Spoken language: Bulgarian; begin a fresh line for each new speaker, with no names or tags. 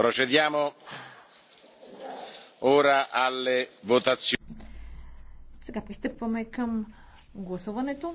Procediamo ora alle votazioni.
Сега пристъпваме към гласуването.